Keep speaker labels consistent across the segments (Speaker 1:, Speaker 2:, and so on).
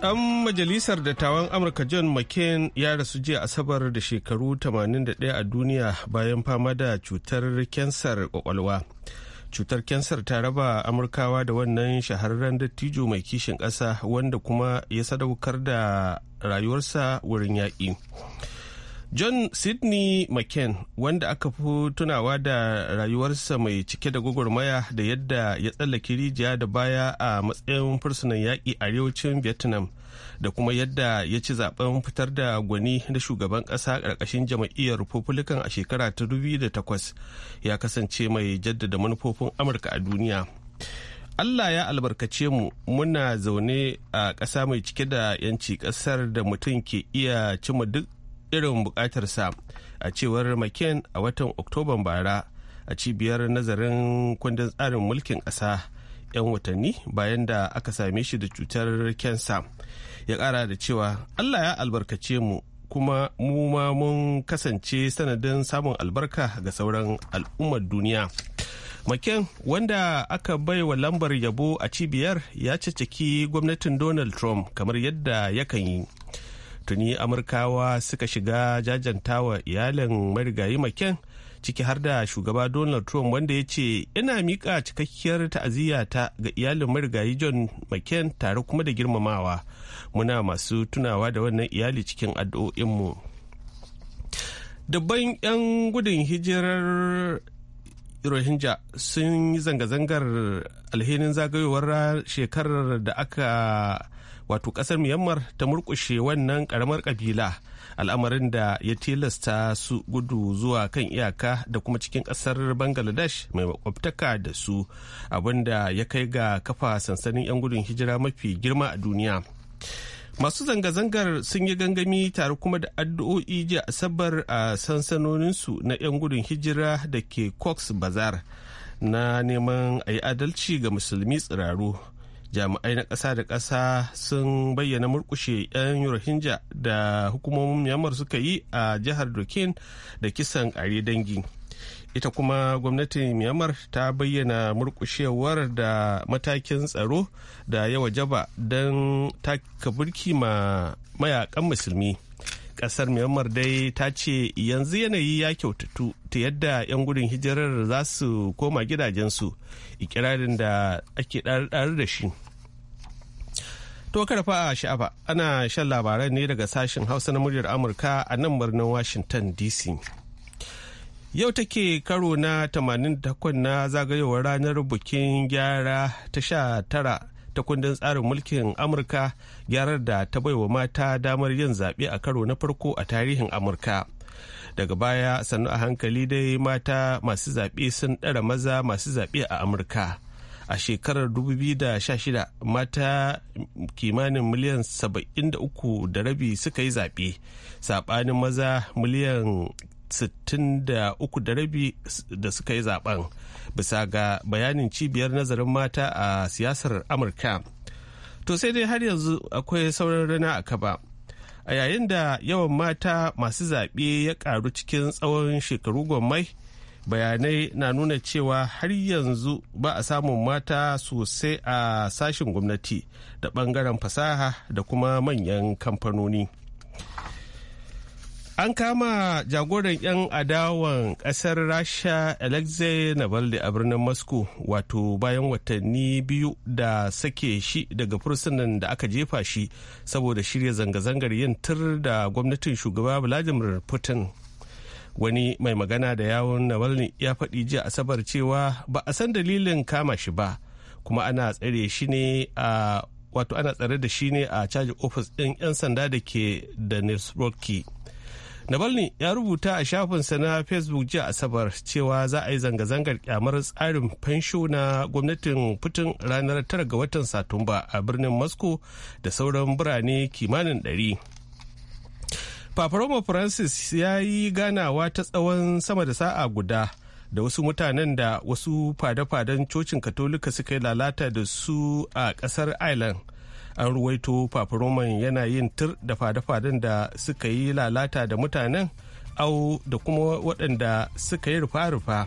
Speaker 1: Dan majalisar dattawan Amurka John McCain ya rasu jiya Asabar da shekaru 81 a duniya bayan fama da cutar kyansar kwakwalwa. Cutar kyansar ta raba Amurkawa da wannan shahararren dattijo mai kishin ƙasa wanda kuma ya sadaukar da rayuwarsa wurin yaƙi. John Sidney McCain wanda aka fi tunawa da rayuwarsa mai cike da gwagwarmaya da yadda ya tsallake rijiya da baya a matsayin fursunan yaƙi a arewacin Vietnam da kuma yadda ya ci zaben fitar da gwani da shugaban ƙasa ƙarƙashin jam'iyyar Republican a shekara ta da takwas ya kasance mai jaddada manufofin Amurka a duniya. Allah ya albarkace mu muna zaune a ƙasa mai cike da 'yanci ƙasar da mutum ke iya cima duk irin bukatarsa a cewar mccain a watan oktoban bara a cibiyar nazarin kundin tsarin mulkin ƙasa 'yan watanni bayan da aka same shi da cutar kensa ya ƙara da cewa allah ya albarkace mu kuma mu ma mun kasance sanadin samun albarka ga sauran al'ummar duniya maken wanda aka bai wa lambar yabo a cibiyar ya caceki gwamnatin donald trump kamar yadda yakan yi tuni amurkawa suka shiga wa iyalin marigayi maken ciki har da shugaba donald trump wanda ya ce ina miƙa cikakkiyar ta'aziyyata ga iyalin marigayi john mccain tare kuma da girmamawa muna masu tunawa da wannan iyali cikin addu'o'inmu dabban 'yan gudun hijirar rohingya sun yi zanga-zangar alhinin zagayowar shekarar da aka wato kasar myanmar ta murkushe wannan karamar kabila al'amarin da ya tilasta su gudu zuwa kan iyaka da kuma cikin kasar bangladesh mai makwabtaka da su abinda ya kai ga kafa sansanin 'yan gudun hijira mafi girma a duniya masu zanga-zangar sun yi gangami tare kuma da addu'o'i jiya asabar a sansanoninsu na 'yan gudun hijira da ke cox bazar na neman a yi adalci ga musulmi tsiraru jami'ai na ƙasa da ƙasa sun bayyana murkushe 'yan rohingya da hukumomin myanmar suka yi a jihar dokin da kisan ƙare dangi ita kuma gwamnatin myanmar ta bayyana murkushewar da matakin tsaro da yawa jaba don taka birki ma mayakan musulmi kasar myanmar dai ta ce yanzu yanayi ya kyautatu ta yadda 'yan gudun hijirar za su koma gidajensu ikirarin da ake ɗarɗar da shi to karfa a sha'aba ana shan labaran ne daga sashen hausa na muryar amurka a nan birnin washington dc yau take karo na 88 na zagayowar ranar bukin gyara ta sha tara ta kundin tsarin mulkin amurka gyarar da ta baiwa mata damar yin zaɓe a karo na farko a tarihin amurka daga baya sannu a hankali dai mata masu zaɓe sun ɗara maza masu zaɓe a amurka a shekarar 2016 mata kimanin miliyan 73 da rabi suka yi zaɓe saɓanin maza miliyan 63 da rabi da suka yi zaɓen bisa ga bayanin cibiyar nazarin mata a siyasar amurka to sai dai har yanzu akwai sauran rana a kaba a yayin da yawan mata masu zaɓe ya ƙaru cikin tsawon shekaru gwammai bayanai na nuna cewa har yanzu ba a samun mata sosai a sashen gwamnati da ɓangaren fasaha da kuma manyan kamfanoni An kama jagoran 'yan adawan ƙasar Rasha Alexei Navalny a birnin Moscow wato bayan watanni biyu da sake shi daga fursunan da aka jefa shi saboda shirya zanga-zangar yin tur da gwamnatin shugaba Vladimir Putin. Wani mai magana da yawon Navalny ya faɗi jiya Asabar cewa ba a san dalilin kama shi ba, kuma ana tsare shi ne a wato ana tsare da shi ne a caji ofis ɗin 'yan sanda da ke da Nisroki. Navalny ya rubuta a shafinsa na Facebook jiya Asabar cewa za a yi zanga-zangar kyamar tsarin fansho na gwamnatin Putin ranar 9 ga watan Satumba a birnin Moscow da sauran birane kimanin ɗari Paparoma Francis ya yi ganawa ta tsawon sama da sa'a guda da wasu mutanen da wasu fada-fadan cocin Katolika suka yi lalata da su a ƙasar Ireland. an ruwaito fafuroman yana yin tir da fada-fadan da suka yi lalata da mutanen au da kuma waɗanda suka yi rufa-rufa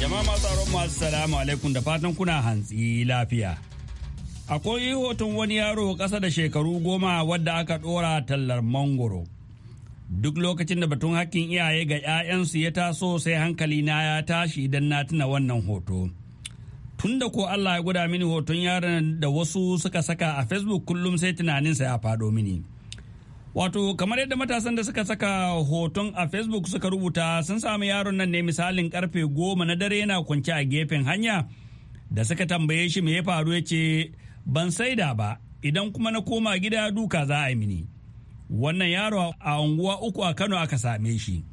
Speaker 2: Jama'a masu tsaron masu salamu alaikum da fatan kuna hantsi lafiya. Akwai hoton wani yaro ƙasa da shekaru goma wadda aka ɗora tallar mangoro. Duk lokacin da batun hakkin iyaye ga 'ya'yansu ya taso sai hankali na ya tashi idan na tuna wannan hoto. Tun da ko Allah ya guda mini hoton yaron da wasu suka saka a Facebook kullum sai tunaninsa ya faɗo mini. Wato kamar yadda matasan da suka saka hoton a Facebook suka rubuta sun sami yaron nan ne misalin karfe goma na dare yana kwance a gefen hanya da suka tambaye shi me ya faru ya ce ban da ba idan kuma na koma gida duka za a yi mini. Wannan yaro a unguwa uku a Kano aka same shi.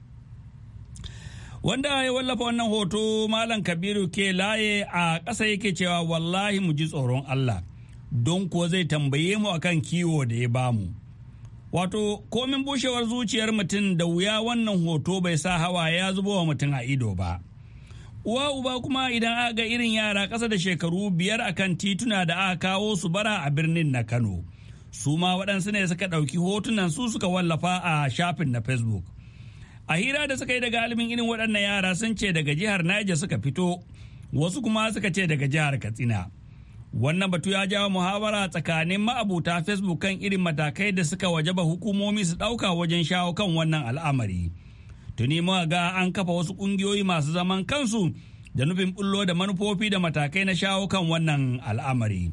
Speaker 2: Wanda ya wallafa wannan hoto Malam Kabiru ke laye a ƙasa yake cewa wallahi mu ji tsoron Allah don kuwa zai tambaye mu akan kiwo da ya bamu. Wato, komin bushewar zuciyar mutum da wuya wannan hoto bai sa hawa ya zubo wa mutum a ido ba. Uwa uba kuma idan aka ga irin yara ƙasa da shekaru biyar a kan tituna da aka kawo su bara a birnin na Kano. Su ma waɗansu ne suka ɗauki hotunan su suka wallafa a shafin na Facebook. A hira da suka yi daga alimin irin waɗannan yara sun ce daga jihar Niger suka fito, wasu kuma suka ce daga jihar Katsina. Wannan batu ya jawo muhawara tsakanin ma'abuta Facebook kan irin matakai da suka wajaba hukumomi su ɗauka wajen shawo kan wannan al'amari. Tuni muka ga an kafa wasu ƙungiyoyi masu zaman kansu da nufin bullo da manufofi da matakai na shawo kan wannan al'amari.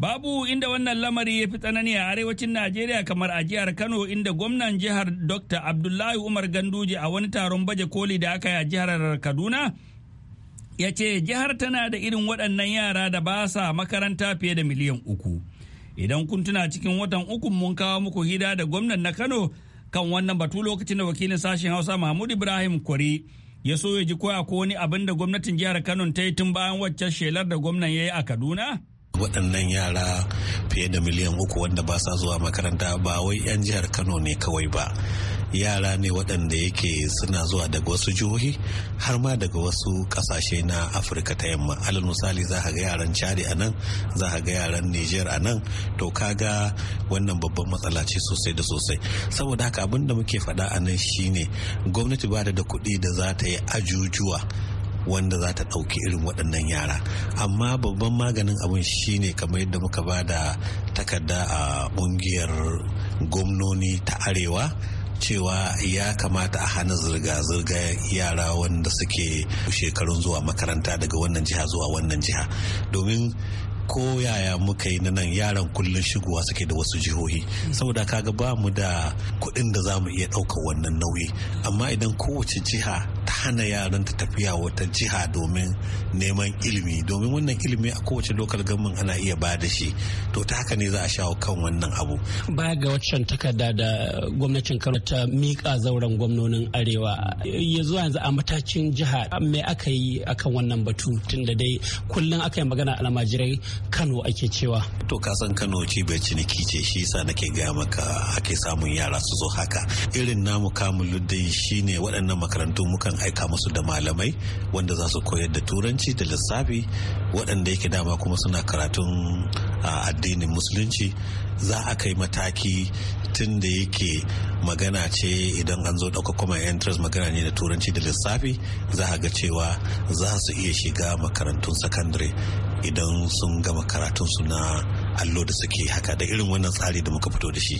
Speaker 2: Babu inda wannan lamari ya fi tsanani a arewacin Najeriya kamar a jihar Kano inda gwamnan jihar Dr. Abdullahi Umar Ganduje a wani taron baje koli da aka yi a jihar Kaduna ya ce jihar tana da irin waɗannan yara da ba sa makaranta fiye da miliyan uku idan kun tuna cikin watan uku mun kawo muku hida da gwamnan na kano kan wannan batu lokacin da wakilin sashen hausa mahmud ibrahim kwari ya so ya ji koya ko wani abin da gwamnatin jihar kano ta yi tun bayan waccan shelar da gwamnan ya yi a kaduna
Speaker 3: waɗannan yara fiye da miliyan uku wanda ba sa zuwa makaranta ba wai 'yan jihar kano ne kawai ba yara ne waɗanda yake suna zuwa daga wasu jihohi har ma daga wasu ƙasashe na afirka ta yamma alal misali za ga yaran chadi a nan za ga yaran niger a nan to kaga wannan babban matsala ce sosai da sosai saboda haka abin da muke faɗa a nan shine gwamnati ba da kuɗi da za ta yi ajujuwa wanda za ta ɗauki irin waɗannan yara amma babban maganin abin shine kamar yadda muka ba da takarda a ƙungiyar gwamnoni ta arewa cewa ya kamata a hana zirga-zirga yara wanda suke shekarun zuwa makaranta daga wannan jiha zuwa wannan jiha domin ko yaya muka yi na nan yaran kullum shigowa suke da wasu jihohi saboda kaga ba mu da kuɗin da za mu iya ɗaukar wannan nauyi amma idan kowace jiha hana yaran ta tafiya wata jiha domin neman ilimi domin wannan ilimi a kowace lokal gamin ana iya ba da shi to ta haka ne za a shawo kan wannan abu
Speaker 4: baya ga waccan takarda da gwamnatin kano ta mika zauren gwamnonin arewa ya zuwa yanzu a matakin jiha me aka yi akan wannan batu tun da dai kullum aka yi magana almajirai kano ake cewa
Speaker 3: to ka san kano ce bai ciniki ce shi yasa nake gaya maka ake samun yara su zo haka irin namu kamun luddin shine waɗannan makarantu mukan aika musu da malamai wanda za su koyar da turanci da lissafi waɗanda yake dama kuma suna karatun addinin musulunci za a kai mataki tun da yake magana ce idan an zo ɗauka kuma entrance magana ne da turanci da lissafi za a ga cewa za su iya shiga makarantun sakandare idan sun gama su na allo da suke haka da irin wannan tsari da muka fito da shi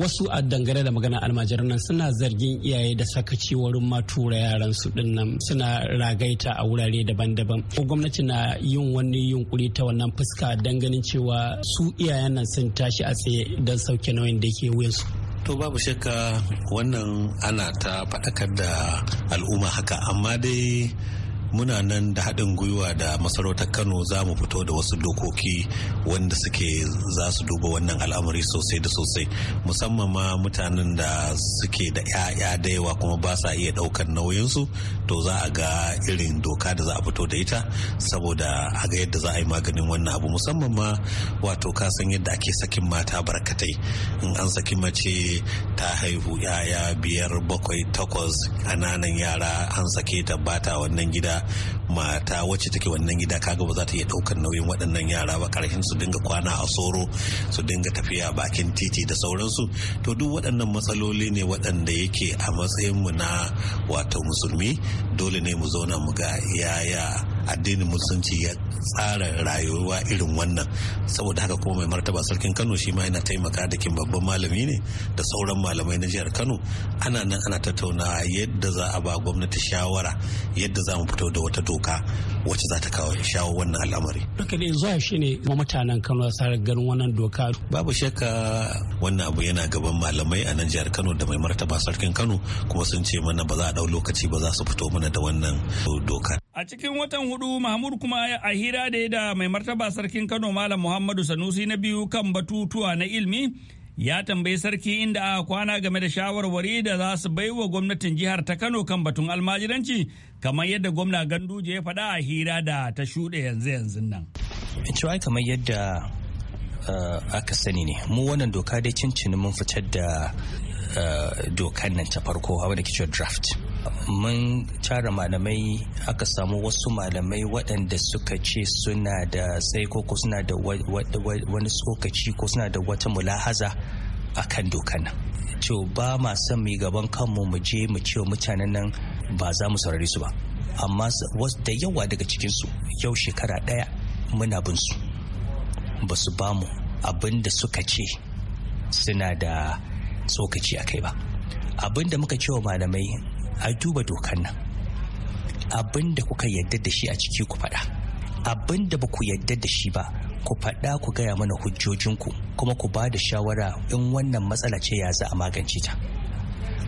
Speaker 4: wasu a dangane da magana almajiran nan suna zargin iyaye da sakaci wurin ma tura yaran su din nan suna ragaita a wurare daban-daban gwamnati na yin wani yunkuri ta wannan fuska ganin cewa su iyayen nan sun tashi a tsaye don sauke nauyin da ke wuyansu
Speaker 3: to babu shakka wannan ana ta faɗakar da al'umma haka amma dai muna nan da haɗin gwiwa da masarautar kano za mu fito da wasu dokoki wanda suke za su duba wannan al'amari sosai da sosai musamman ma mutanen da suke da 'ya'ya da yawa kuma ba sa iya ɗaukar nauyinsu to za a ga irin doka da za a fito da ita saboda a ga yadda za a yi maganin wannan abu musamman ma wato ka san yadda ake sakin mata barkatai in an saki mace ta haihu 'ya'ya biyar bakwai takwas ƙananan yara an sake ta bata wannan gida mata wacce take wannan gida kaga ba za ta iya daukar nauyin waɗannan yara ba ƙarshen su dinga kwana a soro su dinga tafiya bakin titi da sauransu to duk waɗannan matsaloli ne waɗanda yake a matsayin mu na wato musulmi dole ne mu zauna mu ga yaya addinin musulunci ya tsara rayuwa irin wannan saboda haka kuma mai martaba sarkin kano shi ma yana taimaka da kin babban malami ne da sauran malamai na jihar kano ana nan ana tattaunawa yadda za a ba gwamnati shawara yadda za mu fito da wata doka wacce za ta kawo shawo wannan al'amari
Speaker 4: duka ne zuwa shi ne mutanen kano sarar ganin wannan doka
Speaker 3: babu shakka wannan abu yana gaban malamai a nan jihar kano da mai martaba sarkin kano kuma sun ce mana ba za a dau lokaci ba za su fito mana da wannan
Speaker 2: doka A cikin watan hudu Mahmud kuma a hira da ya da mai martaba sarkin Kano Malam Muhammadu Sanusi na biyu kan batutuwa na ilmi ya tambayi sarki inda aka kwana game da shawarwari da za su bai wa gwamnatin jihar ta Kano kan batun almajiranci kamar yadda gwamna Ganduje ya faɗa a hira da ta shuɗe yanzu yanzu nan.
Speaker 4: Cewa kamar yadda eh, aka sani ne mu wannan doka dai cincin mun fitar da eh, dokan nan ta farko wanda ke draft. mun cara malamai aka samu wasu malamai waɗanda suka ce suna da sai ko suna da wani tsokaci ko suna da wata mulahaza a kan dokan nan to ba ma son mu gaban kanmu mu je mu ce wa mutanen nan ba za mu saurari su ba amma da yawa daga cikinsu yau shekara ɗaya muna bin su ba su ba mu abin da suka ce suna da tsokaci a kai ba abin da muka wa malamai a duba dokan nan abin da kuka yarda da shi a ciki ku faɗa abin da ba ku yarda da shi ba ku faɗa ku gaya mana hujjojinku kuma ku ba da shawara in wannan matsala ce ya za a magance ta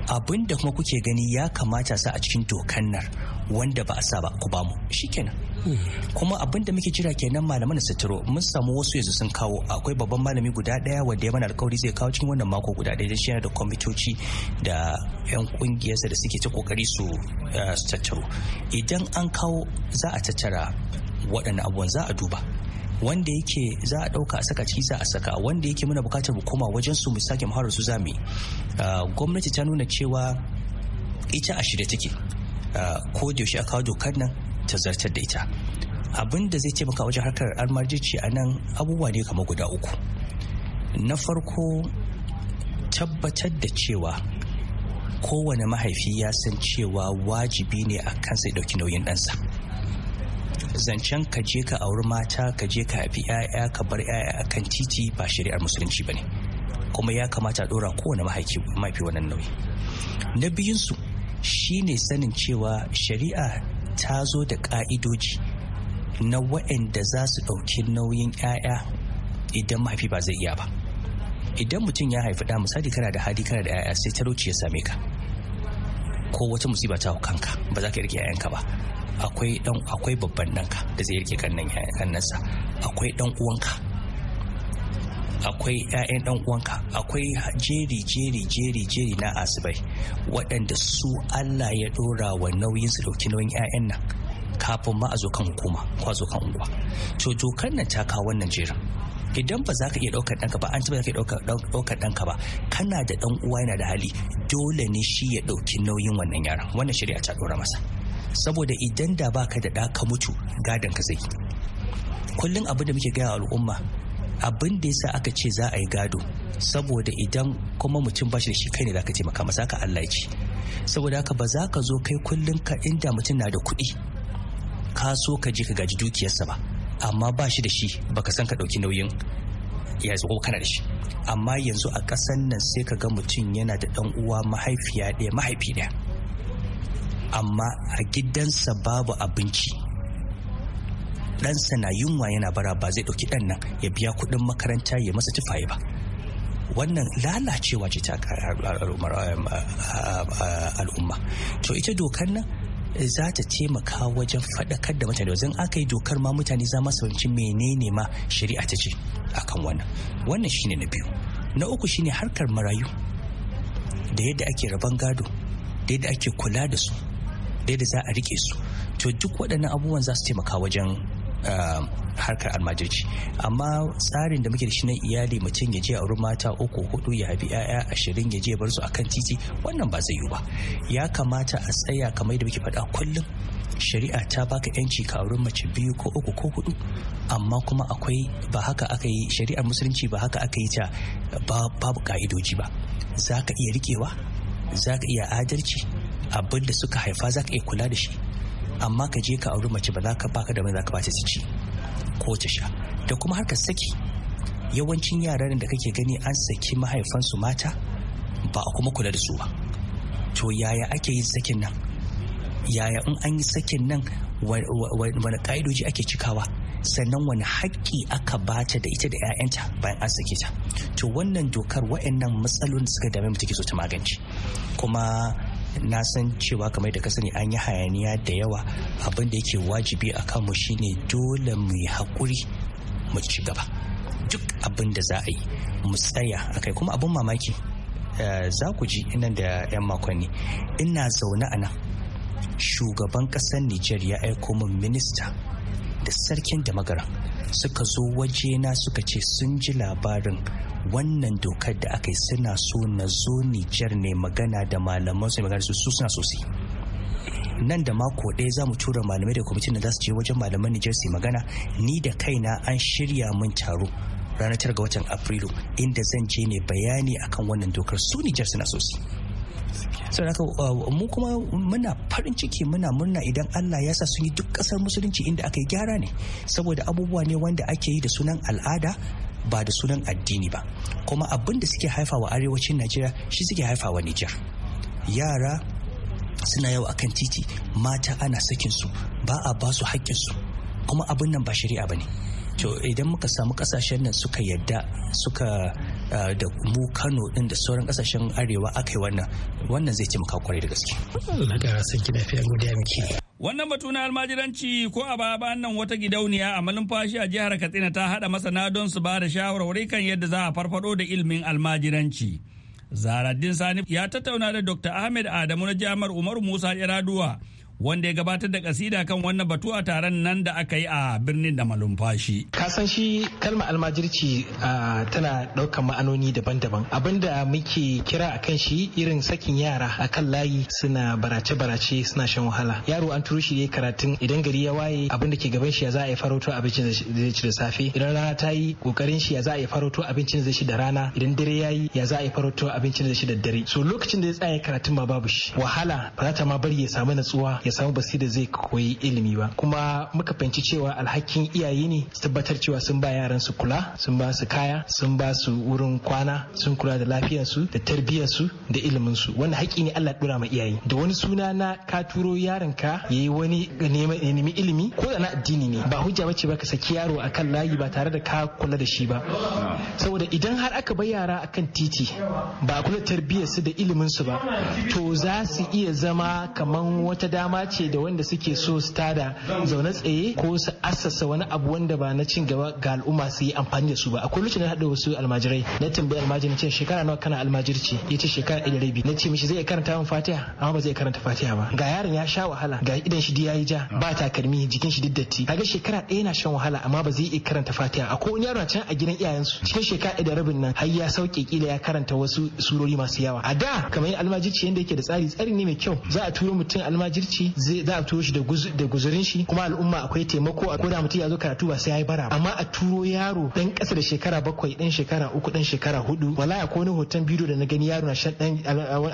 Speaker 4: abin da kuma kuke gani ya kamata sa a cikin dokan nan wanda ba a sa ba ku bamu kenan kuma abin da muke jira kenan malaman suturo mun samu wasu yanzu sun kawo akwai babban malami guda daya wanda ya mana alkawari zai kawo cikin wannan mako guda daya shi yana da kwamitoci da yan kungiyarsa da suke ta kokari eh, su tattaro idan an kawo za a tattara waɗannan abubuwan za a duba wanda yake za a ɗauka a saka ciki za a saka wanda yake muna bukatar mu koma wajen su mu sake muharar su zami ah, gwamnati ta nuna cewa ita a shirye take ah, ko da yaushe a dokar nan ta zartar da ita abin da zai taimaka wajen harkar almajirci a nan abubuwa ne kamar guda uku na farko tabbatar da cewa kowane mahaifi ya san cewa wajibi ne a kansa ya ɗauki nauyin ɗansa zancen ka je ka auri mata ka je ka haifi 'ya'ya ka bar 'ya'ya a kan titi ba shari'ar musulunci ba ne kuma ya kamata a dora kowane mahaifi wannan nauyi na biyunsu shine sanin cewa shari'a ta zo da ƙa'idoji na waɗanda za su ɗauki nauyin 'ya'ya idan mahaifi ba zai iya ba idan mutum ya haifi ɗa misali kana da hali kana da 'ya'ya sai talauci ya same ka ko wata musiba ta kanka ba za ka rike 'ya'yanka ba akwai dan akwai babban danka da zai rike kannan kannansa akwai dan uwanka akwai 'ya'yan dan uwanka akwai jeri jeri jeri jeri na asibai waɗanda su Allah ya ɗora wa nauyin su ɗauki nauyin 'ya'yan nan kafin ma a zo kan hukuma ko a zo kan unguwa to dokar nan ta kawo wannan jerin idan ba za ka iya ɗaukar ɗanka ba an za ka ɗaukar ɗanka ba kana da ɗan uwa yana da hali dole ne shi ya ɗauki nauyin wannan yaran wannan shari'a ta ɗora masa saboda idan da baka da daka ka mutu gadon ka zai kullum abin da muke gaya al'umma abin da yasa aka ce za a yi gado saboda idan kuma mutum bashi da shi kai ne za ka taimaka masa ka Allah ya ci saboda haka ba za ka zo kai kullum ka inda mutum na da kuɗi ka so ka je ka gaji dukiyarsa ba amma ba shi da shi baka san ka ɗauki nauyin ya zo kana da shi amma yanzu a ƙasan nan sai ka ga mutum yana da ɗan uwa mahaifiya ɗaya mahaifi ɗaya amma a gidansa babu abinci ɗansa na yunwa yana bara ba zai ɗauki ɗan nan ya biya kuɗin makaranta ya masa tufaye ba wannan lalacewa ce ta al'umma um, to ita dokar nan za ta taimaka wajen faɗakar da mutane wajen aka yi dokar ma mutane za masu fahimci menene ma shari'a ta ce akan wannan wannan shine na biyu na uku shine harkar marayu da yadda ake raban gado da yadda ake kula da su da za a rike su to duk waɗannan abubuwan za su taimaka wajen ah, harkar almajirci amma tsarin da muke da shi na iyali mutum ya je a wurin mata uku hudu ya haifi yaya ashirin ya je bar su akan titi wannan ba zai yiwu ba ya kamata a tsaya kamar da muke faɗa kullum shari'a ta baka yanci ka wurin mace biyu ko uku ko hudu amma kuma akwai ba haka aka yi shari'ar musulunci ba haka aka yi ta babu ka'idoji ba za ka iya rikewa za ka iya adalci abin da suka haifa za ka iya kula da shi amma ka je ka auri mace ba za ka baka da mai za ka ba ta ci ko ta sha da kuma harkar saki yawancin yaran da kake gani an saki mahaifansu mata ba a kuma kula da su ba to yaya ake yin sakin nan yaya in an yi sakin nan wani ka'idoji ake cikawa sannan wani haƙƙi aka bata da ita da 'ya'yanta bayan an sake ta to wannan dokar wa'annan matsalolin suka dame mu take so ta magance kuma na san cewa kamar da ka sani an yi hayaniya da yawa abin da yake wajibi a kanmu shine dole mu yi haƙuri mu ci gaba duk abin da za a yi mu tsaya akai kuma abin mamaki eh, za ku ji nan da 'yan makonni ina zaune a nan shugaban ƙasar Nijar ya aiko min minista da sarkin da magaran suka zo wajena suka ce sun ji labarin wannan dokar da aka yi suna so na zo Nijar ne magana da malaman su magana su suna so su nan da mako ɗaya za mu tura malamai da kwamitin da za su je wajen malaman Nijar su magana ni da kaina an shirya mun taro ranar 9 ga watan Afrilu inda zan je ne bayani akan wannan dokar su Nijar suna so su saboda uh, mu kuma muna farin ciki muna murna idan Allah ya sa sun yi duk kasar musulunci inda aka yi gyara ne saboda abubuwa ne wanda ake yi da sunan al'ada ba da sunan addini ba kuma abin da suke haifawa arewacin Najeriya shi suke haifawa Nijar yara suna yau akan titi mata ana sakin su ba a ba su su kuma abin nan ba shari'a ba ne to idan muka samu kasashen nan suka yadda suka da mu kano din da sauran kasashen arewa aka yi wannan wannan zai taimaka kwarai da gaske godiya miki
Speaker 2: wannan batu na almajiranci ko a baya bayan nan wata gidauniya a malumfashi a jihar katsina ta hada masana don su ba da shawarwari kan yadda za a farfado da ilimin almajiranci zaraddin sani ya tattauna da dr ahmed adamu na jami'ar umaru musa iraduwa wanda ya gabatar da kasida kan wannan batu a taron nan da aka yi a birnin da malumfashi.
Speaker 5: Kasan shi kalma almajirci tana ɗaukan ma'anoni daban-daban. Abinda muke kira a kan shi irin sakin yara a kan layi suna barace-barace suna shan wahala. Yaro an turo shi ne karatun idan gari ya waye abinda ke gaban shi ya za a yi faroto abincin da ci da safe. Idan rana ta yi kokarin shi ya za a yi faroto abincin da shi da rana. Idan dare ya yi ya za a yi faroto abincin da shi da dare. So lokacin da ya tsaya karatun ma babu shi. Wahala ba za ta ma bari ya samu natsuwa ya samu basira zai koyi ilimi ba kuma muka fahimci cewa alhakin iyaye ne su tabbatar cewa sun ba yaran su kula sun ba su kaya sun ba su wurin kwana sun kula da lafiyarsu da tarbiyyarsu da iliminsu wannan haƙƙi ne Allah dora ma iyaye da wani suna na ka turo yaron ka yayi wani neman ilimi ko da na addini ne ba hujja bace ba ka saki yaro akan layi ba tare da ka kula da shi ba saboda idan har aka bar yara akan titi ba kula tarbiyyarsu da ilimin su ba to za su iya zama kaman wata dama dama ce da wanda suke so su tada zaune tsaye ko su assasa wani abu wanda ba na cin gaba ga al'umma su yi amfani da su ba akwai lokacin da haɗa wasu almajirai na tambayi almajirin na shekara nawa kana almajirci ya ce shekara ɗaya da rabi na ce mishi zai karanta min fatiha amma ba zai karanta fatiha ba ga yaron ya sha wahala ga idan shi ya yi ja ba takalmi jikin shi diddatti kaga shekara ɗaya na shan wahala amma ba zai iya karanta fatiha akwai wani yaro can a gidan iyayensu cikin shekara ɗaya da rabin nan har ya sauke kila ya karanta wasu surori masu yawa a da kamar almajirci yanda yake da tsari tsari ne mai kyau za a turo mutum almajirci zai za a turo shi da guzurin shi kuma al'umma akwai taimako a koda mutum ya zo karatu ba sai ya yi bara amma a turo yaro dan kasa da shekara bakwai dan shekara uku dan shekara hudu wallahi akwai wani hoton bidiyo da na gani yaro na shan dan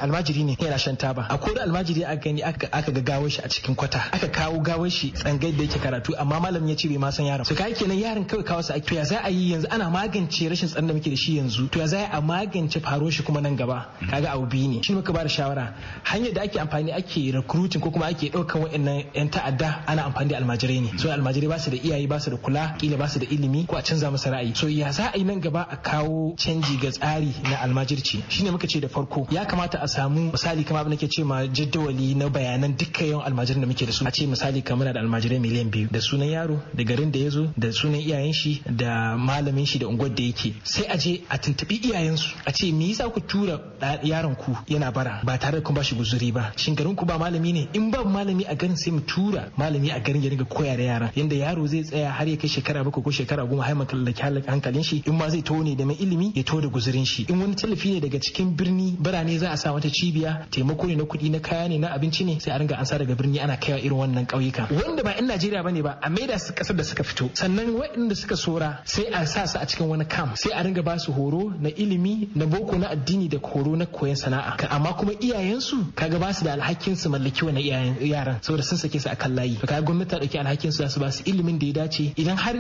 Speaker 5: almajiri ne yana shan taba a koda almajiri aka gani aka ga gawar shi a cikin kwata aka kawo gawar shi tsangai da yake karatu amma malam ya ce bai ma san yaron to kai kenan yaron kawai kawo sa to ya za a yi yanzu ana magance rashin tsaron da muke da shi yanzu to ya za a magance faro shi kuma nan gaba kaga abu biyu ne shi muka ba da shawara hanyar da ake amfani ake recruiting ko kuma ake ke ɗaukar wa'annan 'yan ta'adda ana amfani da almajirai ne so almajirai ba su da iyaye ba su da kula kila ba su da ilimi ko a canza masa ra'ayi so ya za a yi nan gaba a kawo canji ga tsari na almajirci shine muka ce da farko ya kamata a samu misali kamar abin da ke ce ma jaddawali na bayanan dukkan yawan almajiran da muke da su a ce misali kamar da almajirai miliyan biyu da sunan yaro da garin da ya zo da sunan iyayen shi da malamin shi da unguwar da yake sai a je a tuntubi su a ce me yasa ku tura yaron ku yana bara ba tare da kun ba shi guzuri ba shin garin ku ba malami ne in ba malami a garin sai mu tura malami a garin ya dinga koya da yara yanda yaro zai tsaya har ya kai shekara bako ko shekara goma har makallaki hankalin shi in ma zai to ne da mai ilimi ya taho da guzurin shi in wani tallafi ne daga cikin birni birane za a sa wata cibiya taimako ne na kuɗi na kaya ne na abinci ne sai a ringa an sa daga birni ana kaiwa irin wannan ƙauyuka wanda ba 'yan Najeriya bane ba a maida su kasar da suka fito sannan waɗanda suka sora sai a sa su a cikin wani kam sai a ringa ba su horo na ilimi na boko na addini da horo na koyon sana'a amma kuma iyayensu kaga ba su da alhakin su mallaki wani iyayen yaran saboda sun sake su a kan layi to kaga gwamnati ta dauki alhakin su za su ba su ilimin da ya dace idan har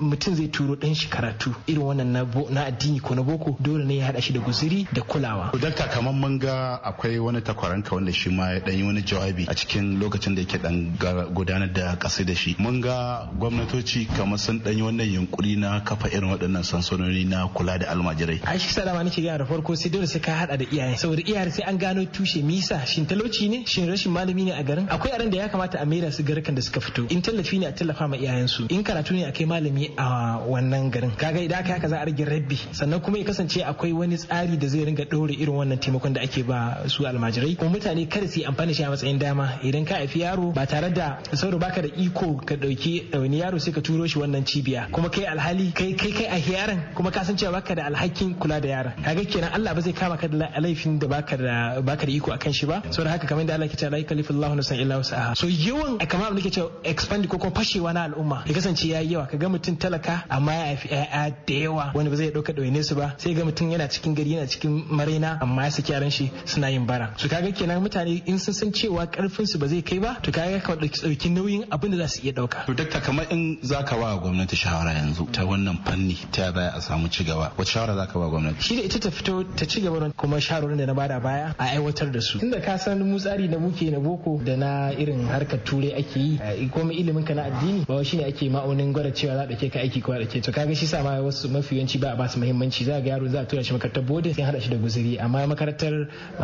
Speaker 5: mutum zai turo dan shi karatu irin wannan na addini ko na boko dole ne ya hada shi da guzuri da kulawa
Speaker 6: to dakta kamar mun ga akwai wani takwaranka wanda shi ma ya dan yi wani jawabi a cikin lokacin da yake dan gudanar da kasa da shi mun ga gwamnatoci kamar sun dan yi wannan yunkuri na kafa irin waɗannan sansanoni na kula da almajirai
Speaker 5: a shi ne nake gaya da farko sai dole sai ka hada da iyaye saboda iyaye sai an gano tushe misa shin talauci ne shin rashin malami ne a garin akwai aran da ya kamata a maida su garukan da suka fito in tallafi ne a tallafa ma su in karatu ne a kai malami a wannan garin kaga idan aka haka za a rage rabbi sannan kuma ya kasance akwai wani tsari da zai ringa dore irin wannan taimakon da ake ba su almajirai kuma mutane kada su yi amfani shi a matsayin dama idan ka haifi yaro ba tare da sauro baka da iko ka ɗauki wani yaro sai ka turo shi wannan cibiya kuma kai alhali kai kai kai a yaran kuma ka san cewa baka da alhakin kula da yaron kaga kenan Allah ba zai kama ka da laifin da baka da baka da iko akan shi ba saboda haka kamar da Allah ke ta laika lillahi san illa wasaha so yawan a kamar abin da ke cewa expand ko kuma fashewa na al'umma ya kasance ya yi yawa ka ga mutum talaka amma ya haifi yaya da yawa wani ba zai dauka ɗaune su ba sai ga mutum yana cikin gari yana cikin maraina amma ya saki yaran shi suna yin bara so ga kenan mutane in sun san cewa karfin su ba zai kai ba to kaga ka ɗauki nauyin abin da za su iya ɗauka. to dakta kamar in ka ba gwamnati shawara
Speaker 6: yanzu ta wannan fanni ta baya a samu cigaba wacce shawara ka ba gwamnati
Speaker 5: shi da ita ta fito ta ci gaba kuma shawarorin da na bada baya a aiwatar da su tunda ka san mu tsari na muke na boko da na irin harkar turai ake yi eh, kuma ilimin ka na addini ba shine ake ma'aunin gwada cewa za a ka aiki ko a dake to kaga shi sa ma wasu mafi yawanci ba a basu muhimmanci za ga yaro za a tura shi makarantar bodin sai hada shi da guzuri amma makarantar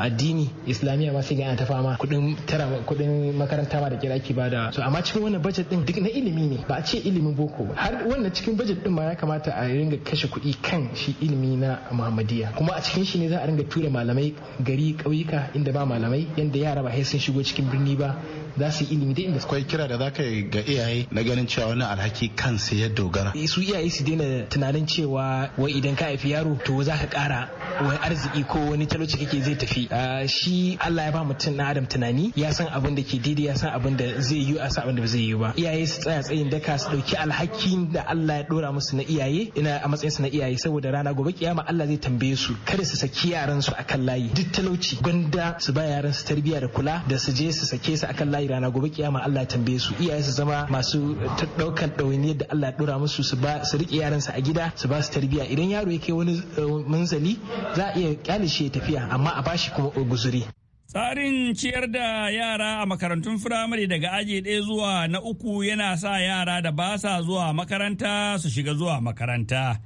Speaker 5: addini islamiyya ma sai ga ana ta fama kudin tara kudin makaranta ma da kira ake bada so amma cikin wannan budget din duk na ilimi ne ba a ce ilimin boko ba har wannan cikin budget din ma ya kamata a ringa kashe kuɗi kan shi ilimi na Muhammadiyya kuma a cikin shi ne za a ringa tura malamai gari ƙauyuka inda ba malamai yanda yara ba sai sun shigo cikin birni la...
Speaker 6: za su yi ilimi da inda akwai kira da zaka ga iyaye na ganin cewa wani alhaki kansa ya dogara
Speaker 5: eh, su iyaye su daina tunanin cewa wai idan ka haifi yaro to za ka kara wani arziki ko wani talauci kake zai tafi ah, shi Allah ya ba mutum na adam tunani ya san abin da ke daidai ya san abin da zai yi a san abin da ba zai yi ba iyaye su tsaya tsayin daka su dauki alhakin da Allah ya dora musu na iyaye ina a matsayin su na iyaye saboda rana gobe kiyama Allah zai tambaye su kada su saki yaran su akan layi duk talauci gwanda su ba yaran su tarbiyya da kula da su je su sake su akan layi wallahi rana gobe kiyama Allah tambaye su iyaye su zama masu daukan eh, ɗawainiyar da Allah dora musu su ba su riƙe yaransa a gida su ba su tarbiyya idan yaro ya kai wani eh, munzali za a iya kyalishe tafiya amma a bashi kuma guzuri
Speaker 2: Tsarin ciyar da yara a makarantun firamare daga aji ɗaya zuwa na uku yana sa yara da ba sa zuwa makaranta su shiga zuwa makaranta.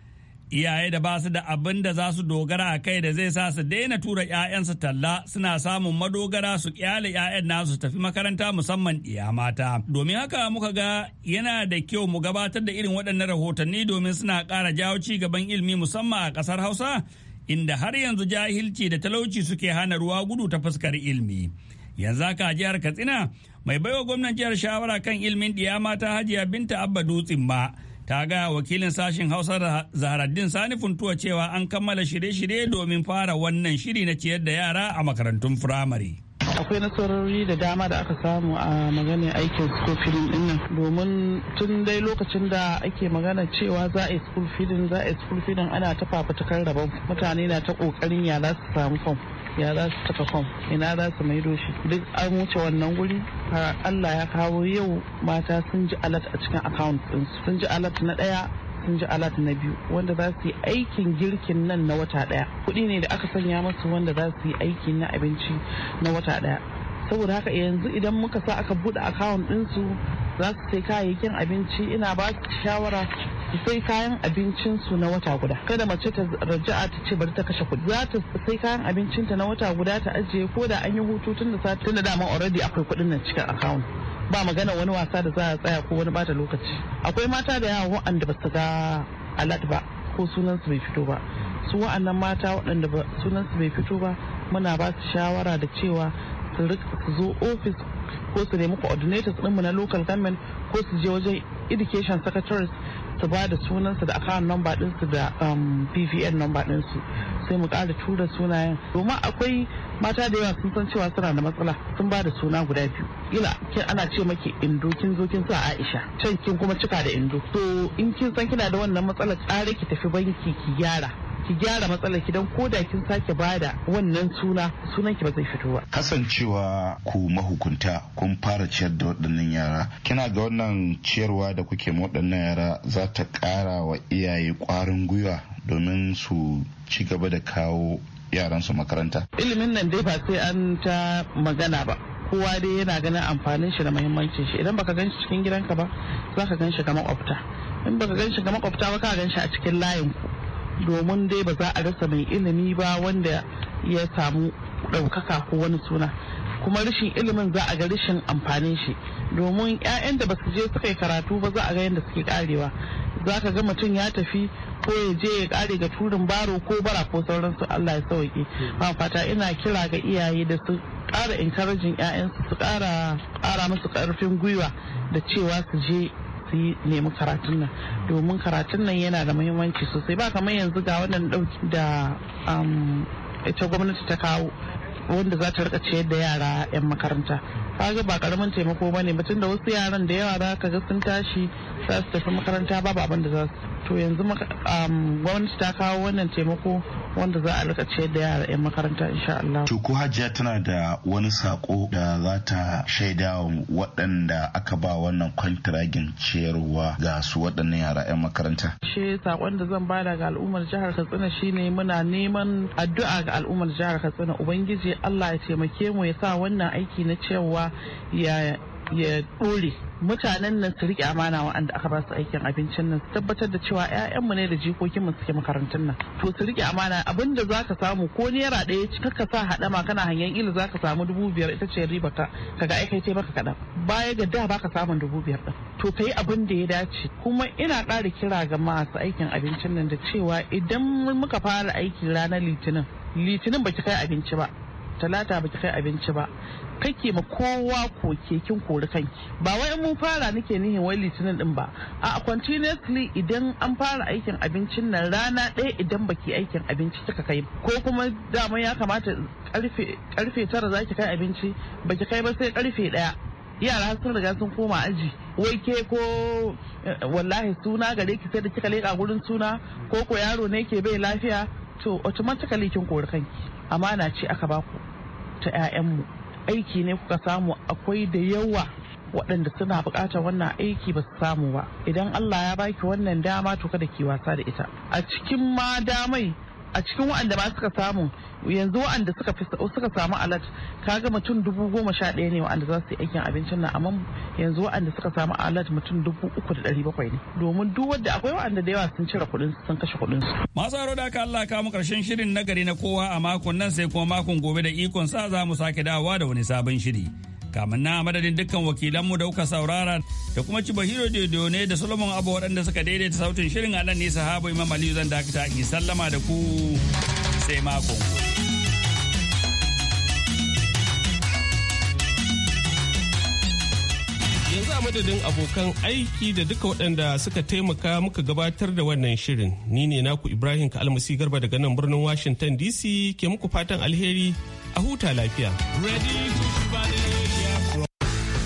Speaker 2: Iyaye da ba su da abin da za su dogara a kai da zai sa su daina tura 'ya'yansu talla suna samun madogara su kyale 'ya'yan nasu tafi makaranta musamman iya mata. Domin haka muka ga yana da kyau mu gabatar da irin waɗannan rahotanni domin suna ƙara jawo ci gaban ilmi musamman a ƙasar Hausa inda har yanzu jahilci da talauci suke hana ruwa gudu ta fuskar ilimi. Yanzu haka a jihar Katsina mai baiwa gwamnan jihar shawara kan ilmin ɗiya mata Hajiya Binta Abba Dutsin ba. ta ga wakilin sashen hausa zaharaddin sani funtuwa cewa an kammala shirye-shirye domin fara wannan shiri na ciyar da yara a makarantun firamare.
Speaker 6: akwai nasarori da dama da aka samu a maganin aikin school feeding din nan domin tun dai lokacin da ake magana cewa za a yi school feeding za a school feeding ana ta fafutukar rabon mutane na ta kokarin yara su samu fam ya za su cika fom ina za su maido shi duk an wuce wannan guri har allah ya kawo yau mata sun ji alat a cikin account ɗinsu sun ji alat na ɗaya sun ji alat na biyu wanda za su yi aikin girkin nan na wata ɗaya kuɗi ne da aka sanya masu wanda za su yi aiki na abinci na wata ɗaya saboda haka yanzu idan muka sa aka buɗe account ɗinsu za su sai kayayyakin abinci ina ba su shawara sai kayan su na wata guda kada mace ta raja'a ta ce bari ta kashe kuɗi za ta sai kayan abincin ta na wata guda ta ajiye ko da an yi hutu tun da sati tun da dama already akwai kuɗin nan cikin account ba magana wani wasa da za a tsaya ko wani bata lokaci akwai mata da yawa waɗanda ba su ga alat ba ko sunan su bai fito ba su waɗannan mata waɗanda sunan su bai fito ba muna ba su shawara da cewa su zo ofis ko su nemi coordinators ɗinmu na local government ko su je wajen education secretaries su ba da sunansu da account number ɗinsu da um, pvn number ɗinsu sai mu kada tura sunayen domin akwai mata da yawa sun san cewa suna da matsala sun ba da suna guda biyu ila kin ana ce maki indo kin zo kin sa aisha can kin kuma cika da indo to in kin san kina da wannan matsalar tsare ki tafi banki ki gyara ki gyara matsalar ki dan koda kin sake bada wannan suna sunan ki ba zai fito ba kasancewa ku mahukunta kun fara ciyar da waɗannan yara kina ga wannan ciyarwa da kuke ma waɗannan yara za ta ƙara wa iyaye ƙwarin gwiwa domin su ci gaba da kawo yaransu makaranta ilimin nan dai ba sai an ta magana ba kowa dai yana ganin amfanin shi da muhimmancin shi idan baka gan shi cikin gidanka ba za ka gan shi ga makwabta in baka gan shi ga makwabta ba ka gan a cikin layin ku domin dai ba za a rasa mai ilimi ba wanda ya samu ɗaukaka ko wani suna kuma rashin ilimin za a ga rashin amfanin shi domin 'ya'yan da basu je suka yi karatu ba za a ga yadda suke karewa za ka ga mutum ya tafi ko ya je ya kare ga turin baro ko bara ko sauransu Allah ya sauke ba fata ina kira ga iyaye da su ƙara encouraging 'ya'yansu su ƙara ƙara musu karfin gwiwa da cewa su je su nemi karatun nan domin karatun nan yana da muhimmanci sosai ba kamar yanzu ga wannan dauki da um, ita gwamnati ta kawo wanda za ta rika ciyar da yara 'yan makaranta kaga ba karamin taimako bane mutum da wasu yaran da yawa za ka ga sun tashi za su tafi makaranta babu abin da za su to yanzu um, gwamnati ta kawo wannan taimako wanda za a rika ciyar da yara 'yan makaranta insha Allah. To ko Hajiya tana da wani sako da za ta shaida waɗanda aka ba wannan kwantiragin ciyarwa ga su waɗannan yara 'yan makaranta. Shi sakon da zan bada ga al'ummar jihar Katsina shine muna neman addu'a ga al'ummar jihar Katsina Ubangiji Allah ya taimake mu ya sa wannan aiki na cewa ya ya dole mutanen nan su rike amana wa'anda aka ba su aikin abincin nan su tabbatar da cewa yayan mu ne da jikokin mu suke makarantun nan to su rike amana abin da zaka samu ko naira ɗaya ci ka sa haɗama kana hanyar ilu zaka samu dubu biyar ita ce riba ka kaga kai ce maka kaɗan baya ga da baka samu dubu biyar ɗin to kai abin da ya dace kuma ina ƙara kira ga masu aikin abincin nan da cewa idan muka fara aiki ranar litinin litinin baki kai abinci ba talata baki kai abinci ba kake ma kowa koke kin kori kanki ba wai mun fara nake nihin wai litinin din ba a continuously idan an fara aikin abincin nan rana ɗaya idan baki aikin abinci kika kai ko kuma dama ya kamata karfe tara zaki kai abinci baki kai ba sai karfe ɗaya yara sun riga sun koma aji wai ke ko eh, wallahi suna gare ki sai da kika leka gurin suna ko ko yaro ne ke bai lafiya to automatically kin kori kanki na ce aka baku ta 'ya'yanmu aiki ne kuka samu akwai da yawa waɗanda suna buƙatar wannan aiki ba su samu ba idan allah ya baki wannan dama to kada ki wasa da ita a cikin ma damai a cikin waɗanda ma suka samu yanzu waɗanda suka suka samu alat kaga mutum dubu goma sha ɗaya ne waɗanda za su yi aikin abincin nan amma yanzu waɗanda suka samu alat mutum dubu uku da ɗari bakwai ne domin duk wanda akwai waɗanda da yawa sun cire kuɗin sun kashe kuɗin su.
Speaker 2: masu aro da aka Allah kamu karshen shirin nagari na kowa a makon nan sai kuma makon gobe da ikon sa za mu sake dawowa da wani sabon shiri. kamar na madadin dukkan wakilanmu da kuka saurara da kuma ci bahiro dodo ne da solomon abu waɗanda suka daidaita sautin shirin a nan ne sahaba imam aliyu zan dakata in sallama da ku sai mako.
Speaker 1: yanzu a madadin abokan aiki da duka waɗanda suka taimaka muka gabatar da wannan shirin ni ne naku ibrahim kalmasi garba daga nan birnin washington dc ke muku fatan alheri a huta lafiya
Speaker 2: ready to